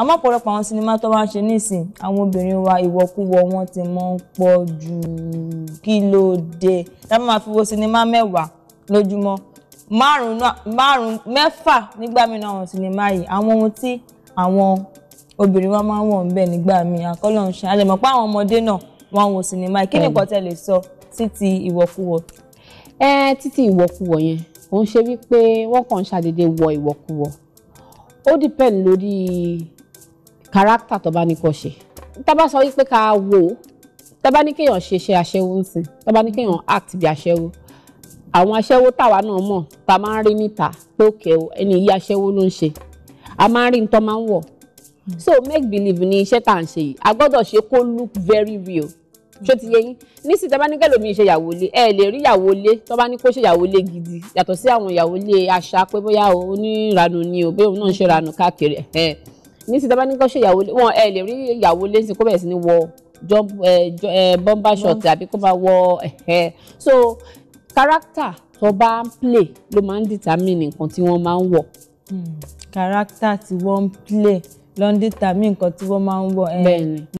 àmọ́ ọ̀pọ̀lọpọ̀ àwọn sinimá tó wá ń ṣe nísìn àwọn obìnrin wa ìwọ̀kuwọ̀ wọn ti mọ́ ń pọ̀ jù kí ló dé táwọn máa fi wo sinimá mẹ́wàá lójúmọ́ márùn-ún mẹ́fà nígbà mìíràn àwọn sinimá yìí àwọn ohun tí àwọn obìnrin wa máa ń wọ̀ ń bẹ̀ nígbà míì àkọ́lọ̀ ń ṣe a lè mọ̀ pé àwọn ọmọdé náà wọ́n ń wo sinimá yìí kí ni nǹkan lè sọ títí ìwọ̀kuwọ̀. ẹ títí ìwọ̀kuwọ̀ yẹn òun ṣe wípé wọ́n kàn ń ṣàdédé wọ ìwọ̀kuwọ̀ ó depend lórí káràkítà tó bá ní kó ṣe tá bá sọ wípé ká wò ó tá bá ní kéèyàn ṣe iṣẹ́ aṣẹ́wó ń sìn tá bá ní kéèyàn act bí aṣẹ́wó àwọn aṣẹ́wó táwa náà mọ̀ tá máa ń rí níta pé òkè o ẹni yí aṣẹ́wó ló ń ṣe a máa ń rí nítorí máa ń wọ̀ so make believe ni iṣẹ́ tá à ń ṣe yìí a gbọ́dọ̀ ṣe kó look very real ṣó ti yẹ yín nísìsiyìí tẹ́bá ní kẹ́lòmí ṣe yàwó lé ẹ lè rí yàwó lé tó bá ní kó ṣe yàwó lé gidi yàtọ̀ sí àwọn yàwó lé àṣà pé bóyá oníranù ni ò bẹ́ẹ̀ òun náà ń ṣe ranù káàkiri ẹ̀ ní ti dábàá ní kọ́ ṣe ìyàwó lé wọn ẹ lè rí ìyàwó lé sí kó bẹ̀rẹ̀ sí ní wọ bọ́mbà ṣọ̀tì àbí kó máa wọ so character tó bá ń play ló máa ń determine nǹkan tí wọ́n máa ń wọ̀. Hmm, character tí wọ́n ń play ló ń determine nǹkan tí wọ́n máa ń wọ̀.